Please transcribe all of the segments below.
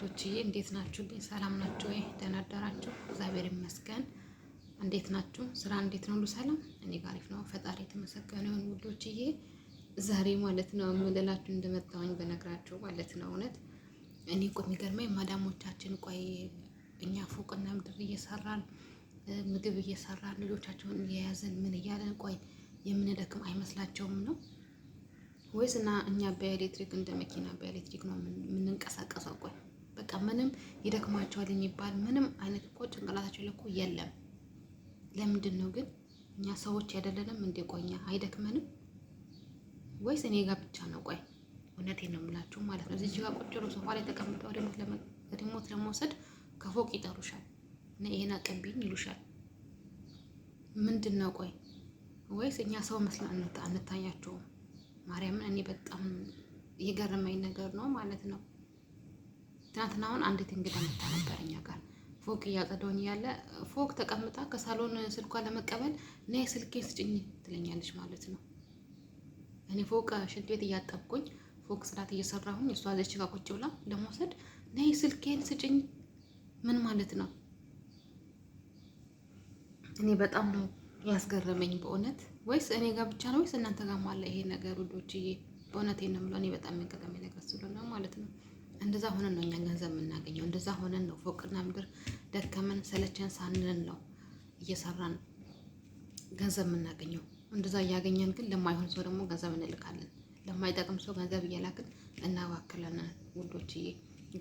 ውዶችዬ እንዴት ናችሁ? ሰላም ናችሁ ወይ? ደህና አደራችሁ? እግዚአብሔር ይመስገን። እንዴት ናችሁ? ስራ እንዴት ነው? ሁሉ ሰላም? እኔ ጋር አሪፍ ነው፣ ፈጣሪ የተመሰገነ ይሁን። ውዶችዬ ዛሬ ማለት ነው የምልላችሁ እንደመጣሁኝ በነግራችሁ ማለት ነው እውነት እኔ እኮ የሚገርመኝ ማዳሞቻችን ቆይ እኛ ፎቅና ምድር እየሰራን ምግብ እየሰራን ልጆቻቸውን እየያዘን ምን እያለን ቆይ የምንደክም አይመስላቸውም ነው ወይስ እና እኛ በኤሌክትሪክ እንደ መኪና በኤሌክትሪክ ነው የምንንቀሳቀሰው? ቆይ በቃ ምንም ይደክማቸዋል የሚባል ምንም አይነት እኮ ጭንቅላታቸው ልኩ የለም። ለምንድን ነው ግን እኛ ሰዎች አይደለንም? እንደ ቆኘ አይደክመንም ወይስ እኔ ጋር ብቻ ነው? ቆይ እውነቴን ነው የምላችሁ ማለት ነው። እዚህ ጋር ቁጭ ብሎ ሶፋ ላይ ተቀምጠው ሪሞት ለመውሰድ ከፎቅ ይጠሩሻል እና ይሄን አቀቢኝ ይሉሻል። ምንድን ነው ቆይ? ወይስ እኛ ሰው መስለን አንታያቸውም? ማርያምን እኔ በጣም የገረመኝ ነገር ነው ማለት ነው። ትናንትና አሁን አንዲት እንግዳ መታ ነበር እኛ ጋር ፎቅ እያጸዳሁኝ ያለ ፎቅ ተቀምጣ ከሳሎን ስልኳ ለመቀበል ነይ ስልኬ ስጭኝ ትለኛለች ማለት ነው። እኔ ፎቅ ሽንት ቤት እያጠብኩኝ ፎቅ ስራት እየሰራሁኝ እሷ ዘች ጋር ቁጭ ብላ ለመውሰድ ነይ ስልኬን ስጭኝ ምን ማለት ነው? እኔ በጣም ነው ያስገረመኝ በእውነት ወይስ እኔ ጋር ብቻ ነው ወይስ እናንተ ጋር ማለ ይሄ ነገር ውዶችዬ፣ በእውነት ነው የምለው እኔ በጣም የሚገርመኝ ነገር ስለሆነ ማለት ነው። እንደዛ ሆነን ነው እኛ ገንዘብ የምናገኘው። እንደዛ ሆነን ነው ፎቅና ምድር ደከመን ሰለቸን ሳንለን ነው እየሰራን ገንዘብ የምናገኘው። እንደዛ እያገኘን ግን ለማይሆን ሰው ደግሞ ገንዘብ እንልካለን። ለማይጠቅም ሰው ገንዘብ እየላክን እናባክለናል። ውዶችዬ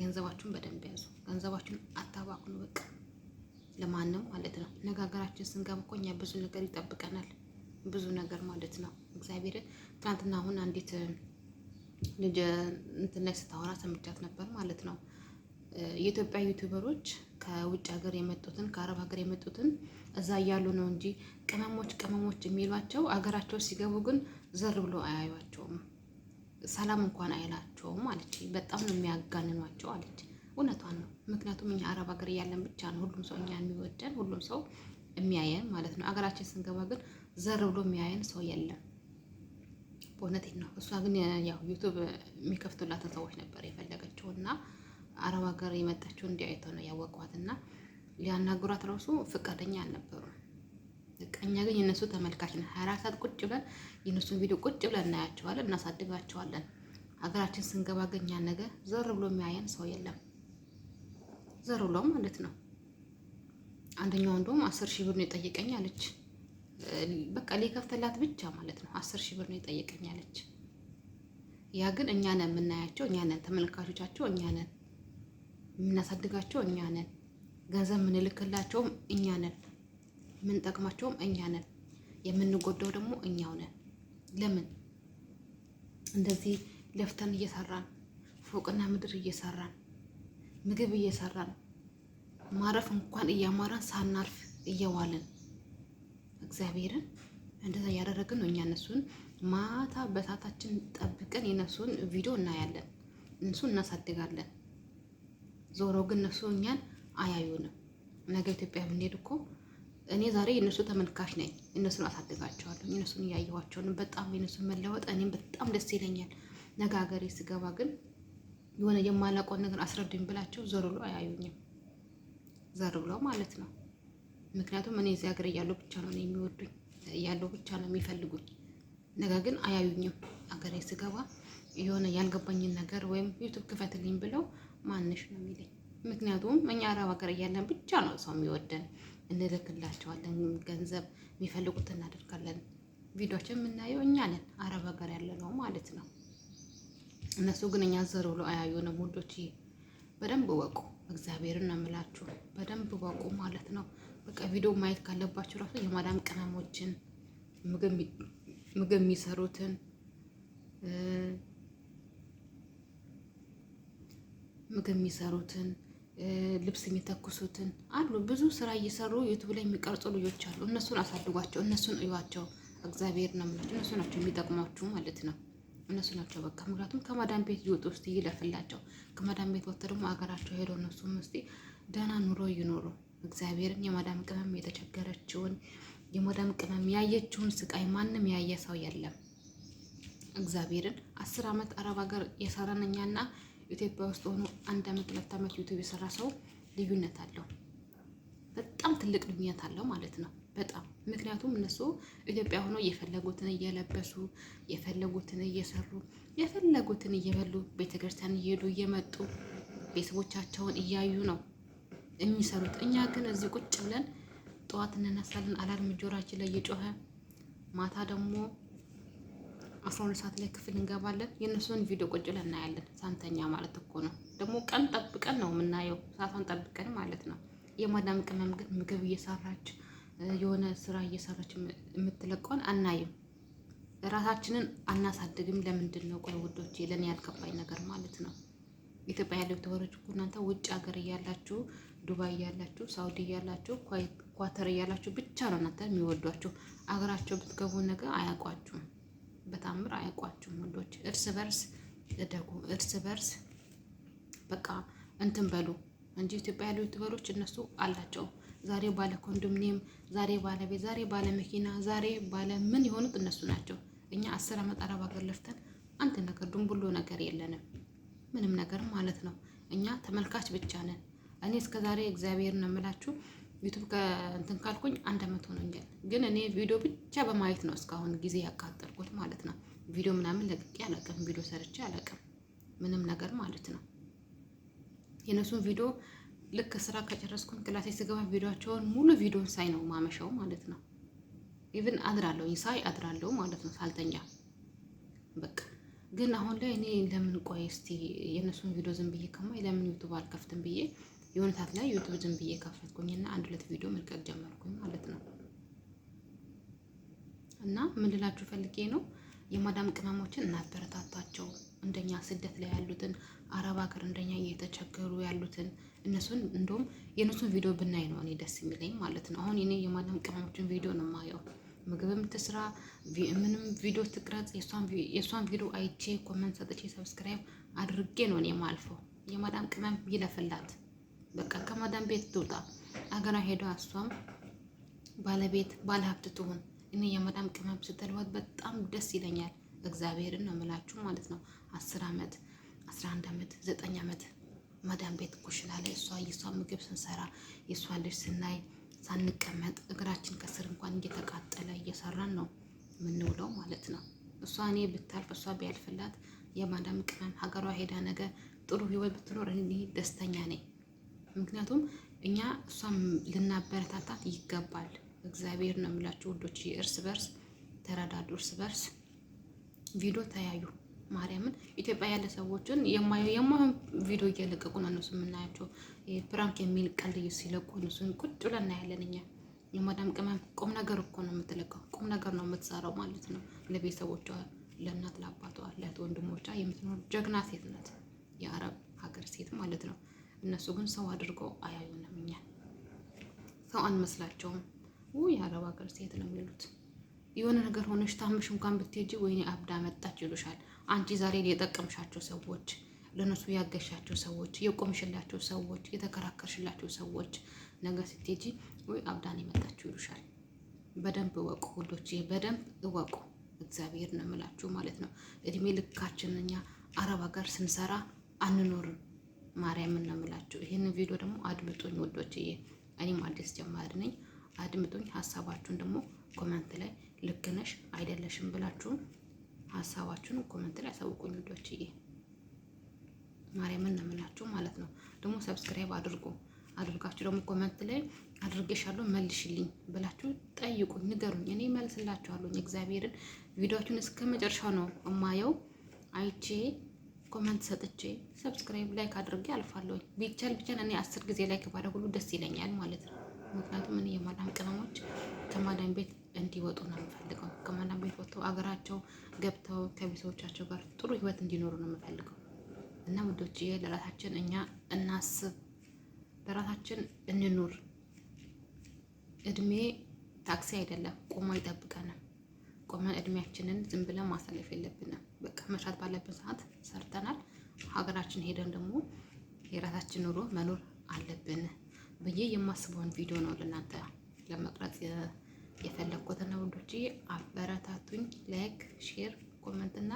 ገንዘባችሁን በደንብ ያዙ። ገንዘባችሁን አታባክሉ። በቃ ለማንም ማለት ነው። ነጋገራችን ስንገባ እኮ እኛ ብዙ ነገር ይጠብቀናል። ብዙ ነገር ማለት ነው። እግዚአብሔር ትናንትና አሁን አንዲት ልጅ እንትን ላይ ስታወራ ሰምቻት ነበር ማለት ነው። የኢትዮጵያ ዩቱበሮች ከውጭ ሀገር የመጡትን ከአረብ ሀገር የመጡትን እዛ እያሉ ነው እንጂ ቅመሞች ቅመሞች የሚሏቸው አገራቸው ሲገቡ ግን ዘር ብሎ አያዩቸውም። ሰላም እንኳን አይላቸውም አለች። በጣም ነው የሚያጋንኗቸው አለች። እውነቷን ነው። ምክንያቱም እኛ አረብ ሀገር እያለን ብቻ ነው ሁሉም ሰው እኛ የሚወደን ሁሉም ሰው የሚያየን ማለት ነው። አገራችን ስንገባ ግን ዘር ብሎ የሚያየን ሰው የለም። በእውነቴን ነው። እሷ ግን ያው ዩቱብ የሚከፍቱላትን ሰዎች ነበር የፈለገችው እና አረብ ሀገር የመጣችው እንዲህ አይተው ነው ያወቋት እና ሊያናግሯት ራሱ ፍቃደኛ አልነበሩም። እኛ ግን የነሱ ተመልካች ነን። ሀያ አራት ሰዓት ቁጭ ብለን የነሱን ቪዲዮ ቁጭ ብለን እናያቸዋለን፣ እናሳድጋቸዋለን። ሀገራችን ስንገባ ግን ያን ነገር ዘር ብሎ የሚያየን ሰው የለም። ዘር ብሎ ማለት ነው። አንደኛው እንደውም አስር ሺህ ብር ነው የጠየቀኝ አለች። በቃ ሊከፍትላት ብቻ ማለት ነው። አስር ሺህ ብር ነው የጠየቀኝ አለች። ያ ግን እኛ ነን የምናያቸው፣ እኛ ነን ተመልካቾቻቸው፣ እኛ ነን የምናሳድጋቸው፣ እኛ ነን ገንዘብ የምንልክላቸውም፣ እኛ ነን የምንጠቅማቸውም፣ እኛ ነን የምንጎዳው ደግሞ እኛው ነን። ለምን እንደዚህ ለፍተን እየሰራን ፎቅና ምድር እየሰራን ምግብ እየሰራን ማረፍ እንኳን እያማራን ሳናርፍ እየዋልን እግዚአብሔርን እንደዛ እያደረግን ነው እኛ እነሱን ማታ በሰዓታችን ጠብቀን የነሱን ቪዲዮ እናያለን፣ እነሱን እናሳድጋለን። ዞሮ ግን እነሱ እኛን አያዩንም። ነገ ኢትዮጵያ ብንሄድ እኮ እኔ ዛሬ የእነሱ ተመልካች ነኝ። እነሱን አሳድጋቸዋለሁ፣ እነሱን እያየኋቸውን በጣም የእነሱን መለወጥ እኔም በጣም ደስ ይለኛል። ነገ ሀገሬ ስገባ ግን የሆነ የማላውቀውን ነገር አስረዱኝ ብላቸው ዞር ብሎ አያዩኝም። ዘር ብሎ ማለት ነው። ምክንያቱም እኔ እዚህ ሀገር እያለሁ ብቻ ነው የሚወዱኝ እያለሁ ብቻ ነው የሚፈልጉኝ። ነገር ግን አያዩኝም። አገሬ ስገባ የሆነ ያልገባኝን ነገር ወይም ዩቱብ ክፈትልኝ ብለው ማንሽ ነው የሚለኝ። ምክንያቱም እኛ አረብ ሀገር እያለን ብቻ ነው ሰው የሚወደን። እንልክላቸዋለን ገንዘብ የሚፈልጉት እናደርጋለን። ቪዲዮችን የምናየው እኛ ነን፣ አረብ ሀገር ያለ ነው ማለት ነው። እነሱ ግን እኛ ዘር ብሎ አያዩንም። ውዶች በደንብ ወቁ፣ እግዚአብሔርን አምላችሁ በደንብ ወቁ ማለት ነው። በቃ ቪዲዮ ማየት ካለባችሁ ራሱ የማዳም ቅመሞችን ምግብ የሚሰሩትን ምግብ የሚሰሩትን ልብስ የሚተኩሱትን አሉ። ብዙ ስራ እየሰሩ ዩቱብ ላይ የሚቀርጹ ልጆች አሉ። እነሱን አሳድጓቸው፣ እነሱን እዩዋቸው። እግዚአብሔር ነው የምላቸው። እነሱ ናቸው የሚጠቅሟችሁ ማለት ነው። እነሱ ናቸው በቃ። ምክንያቱም ከማዳም ቤት ይወጡ ውስጥ ይለፍላቸው። ከማዳም ቤት ወጥተው ደግሞ አገራቸው ሄደው እነሱም ውስጥ ደህና ኑሮ ይኖሩ። እግዚአብሔርን የማዳም ቅመም የተቸገረችውን የማዳም ቅመም ያየችውን ስቃይ ማንም ያየ ሰው የለም። እግዚአብሔርን አስር ዓመት አረብ ሀገር የሰራን እኛና ኢትዮጵያ ውስጥ ሆኖ አንድ አመት ሁለት አመት ዩቱብ የሰራ ሰው ልዩነት አለው። በጣም ትልቅ ልዩነት አለው ማለት ነው። በጣም ምክንያቱም እነሱ ኢትዮጵያ ሆኖ የፈለጉትን እየለበሱ የፈለጉትን እየሰሩ የፈለጉትን እየበሉ ቤተክርስቲያን እየሄዱ እየመጡ ቤተሰቦቻቸውን እያዩ ነው የሚሰሩት። እኛ ግን እዚህ ቁጭ ብለን ጠዋት እንነሳለን፣ አላርም ጆሯችን ላይ እየጮኸ ማታ ደግሞ አስራ ሁለት ሰዓት ላይ ክፍል እንገባለን። የእነሱን ቪዲዮ ቁጭ ብለን እናያለን፣ ሳንተኛ ማለት እኮ ነው። ደግሞ ቀን ጠብቀን ነው የምናየው፣ ሰዓቷን ጠብቀን ማለት ነው። የማዳም ቅመም ግን ምግብ እየሰራች የሆነ ስራ እየሰራች የምትለቀውን አናይም። ራሳችንን አናሳድግም። ለምንድን ነው ቆይ ውዶች? ለእኔ ያልገባኝ ነገር ማለት ነው ኢትዮጵያ ያለው ተወረጅ እኮ እናንተ ውጭ ሀገር እያላችሁ ዱባይ ያላችሁ፣ ሳውዲ ያላችሁ፣ ኳተር ያላችሁ ብቻ ነው እናንተ የሚወዷችሁ። አገራቸው ብትገቡ ነገ አያውቋችሁም፣ በታምር አያውቋችሁም። ወንዶች እርስ በርስ እደጉ፣ እርስ በርስ በቃ እንትን በሉ እንጂ ኢትዮጵያ ያሉ ዩቱበሮች እነሱ አላቸው ዛሬ ባለ ኮንዶሚኒየም፣ ዛሬ ባለ ቤት፣ ዛሬ ባለ መኪና፣ ዛሬ ባለ ምን የሆኑት እነሱ ናቸው። እኛ አስር ዓመት አረብ ሀገር ለፍተን አንድ ነገር ድንቡሎ ነገር የለንም ምንም ነገር ማለት ነው። እኛ ተመልካች ብቻ ነን። እኔ እስከዛሬ እግዚአብሔር ነው የምላችሁ ዩቱብ ከእንትን ካልኩኝ አንድ አመት ሆኖኛል። ግን እኔ ቪዲዮ ብቻ በማየት ነው እስካሁን ጊዜ ያቃጠልኩት ማለት ነው። ቪዲዮ ምናምን ለቅቄ አላውቅም፣ ቪዲዮ ሰርቼ አላውቅም፣ ምንም ነገር ማለት ነው። የእነሱን ቪዲዮ ልክ ስራ ከጨረስኩኝ ክላሴ ስገባ ቪዲዮቸውን ሙሉ ቪዲዮን ሳይ ነው ማመሻው ማለት ነው። ኢቭን አድራለሁ ሳይ አድራለሁ ማለት ነው ሳልተኛ በቃ። ግን አሁን ላይ እኔ ለምን ቆይ እስቲ የእነሱን ቪዲዮ ዝም ብዬ ከማይ ለምን ዩቱብ አልከፍትም ብዬ የሆነ ሰዓት ላይ ዩቱብ ዝም ብዬ ከፈትኩኝና አንድ ሁለት ቪዲዮ መልቀቅ ጀመርኩኝ ማለት ነው። እና ምን ልላችሁ ፈልጌ ነው የማዳም ቅመሞችን እናበረታታቸው። እንደኛ ስደት ላይ ያሉትን አረብ ሀገር እንደኛ እየተቸገሩ ያሉትን እነሱን እንደውም የእነሱን ቪዲዮ ብናይ ነው እኔ ደስ የሚለኝ ማለት ነው። አሁን እኔ የማዳም ቅመሞችን ቪዲዮ ነው የማየው። ምግብም ትስራ ምንም ቪዲዮ ትቅረጽ፣ የእሷን ቪዲዮ አይቼ ኮመንት ሰጥቼ ሰብስክራይብ አድርጌ ነው እኔ የማልፈው። የማዳም ቅመም ይለፍላት። በቃ ከማዳም ቤት ትውጣ፣ አገራ ሄዳ እሷም ባለቤት ባለሀብት ትሁን። እኔ የማዳም ቅመም ስትልባት በጣም ደስ ይለኛል። እግዚአብሔርን ነው የምላችሁ ማለት ነው። አስር ዓመት አስራ አንድ ዓመት ዘጠኝ ዓመት ማዳም ቤት ኩሽና ላይ እሷ የእሷ ምግብ ስንሰራ የእሷ ልጅ ስናይ ሳንቀመጥ እግራችን ከስር እንኳን እየተቃጠለ እየሰራን ነው የምንውለው ማለት ነው። እሷ እኔ ብታልፍ እሷ ቢያልፍላት የማዳም ቅመም ሀገሯ ሄዳ ነገር ጥሩ ህይወት ብትኖር እኔ ደስተኛ ነኝ። ምክንያቱም እኛ እሷም ልናበረታታት ይገባል። እግዚአብሔር ነው የሚላቸው ውዶች፣ እርስ በርስ ተረዳዱ፣ እርስ በርስ ቪዲዮ ተያዩ። ማርያምን ኢትዮጵያ ያለ ሰዎችን የማይሆን ቪዲዮ እየለቀቁ ነው እነሱ የምናያቸው። ፕራንክ የሚል ቀልድ ሲለቁ እነሱን ቁጭ ብለን እናያለን። እኛ የማዳም ቅመም ቁም ነገር እኮ ነው የምትለቀው፣ ቁም ነገር ነው የምትሰራው ማለት ነው። ለቤተሰቦቿ፣ ለእናት ለአባቷ፣ ለእህት ወንድሞቿ የምትኖር ጀግና ሴት ናት፣ የአረብ ሀገር ሴት ማለት ነው። እነሱ ግን ሰው አድርገው አያዩንም። እኛን ሰው አንመስላቸውም። ውይ የአረብ ሀገር ሴት ነው የሚሉት። የሆነ ነገር ሆነሽ ታምሽ እንኳን ብትሄጂ ወይኔ አብዳ መጣች ይሉሻል። አንቺ ዛሬ የጠቀምሻቸው ሰዎች፣ ለእነሱ ያገሻቸው ሰዎች፣ የቆምሽላቸው ሰዎች፣ የተከራከርሽላቸው ሰዎች ነገ ስትሄጂ ወይ አብዳን የመጣችው ይሉሻል። በደንብ እወቁ ሁሎች፣ በደንብ እወቁ። እግዚአብሔር ነው የምላችሁ ማለት ነው። እድሜ ልካችን እኛ አረብ ሀገር ስንሰራ አንኖርም። ማርያምን ነው የምላችሁ። ይህንን ቪዲዮ ደግሞ አድምጡኝ ውዶችዬ፣ እኔም አዲስ ጀማሪ ነኝ። አድምጡኝ። ሀሳባችሁን ደግሞ ኮመንት ላይ ልክ ነሽ አይደለሽም ብላችሁ ሀሳባችሁን ኮመንት ላይ አሳውቁኝ ውዶችዬ። ማርያምን ነው የምላችሁ ማለት ነው። ደግሞ ሰብስክራይብ አድርጉ። አድርጋችሁ ደግሞ ኮመንት ላይ አድርጌሻለሁ መልሽልኝ ብላችሁ ጠይቁኝ፣ ንገሩኝ። እኔ መልስላችኋለሁ። እግዚአብሔርን ቪዲዮችሁን እስከ መጨረሻው ነው እማየው አይቼ ኮመንት ሰጥቼ ሰብስክራይብ ላይክ አድርጌ አልፋለሁ። ቢቻል ቢቻል እኔ አስር ጊዜ ላይክ ባለ ሁሉ ደስ ይለኛል ማለት ነው። ምክንያቱም እኔ የማዳም ቅመሞች ከማዳም ቤት እንዲወጡ ነው የምፈልገው። ከማዳም ቤት ወጥተው አገራቸው ገብተው ከቤተሰቦቻቸው ጋር ጥሩ ህይወት እንዲኖሩ ነው የምፈልገው እና ውዶች ለራሳችን እኛ እናስብ፣ ለራሳችን እንኑር። እድሜ ታክሲ አይደለም፣ ቆሞ አይጠብቀንም። ቆመን እድሜያችንን ዝም ብለን ማሳለፍ የለብንም። በቃ መስራት ባለብን ሰዓት ሰርተናል። ሀገራችን ሄደን ደግሞ የራሳችን ኑሮ መኖር አለብን ብዬ የማስበውን ቪዲዮ ነው ለእናንተ ለመቅረጽ የፈለግኩትና ወንዶች አበረታቱኝ። ላይክ፣ ሼር፣ ኮመንት እና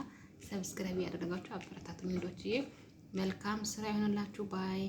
ሰብስክራይብ ያደረጋችሁ አበረታቱኝ። ወንዶች መልካም ስራ ይሆንላችሁ ባይ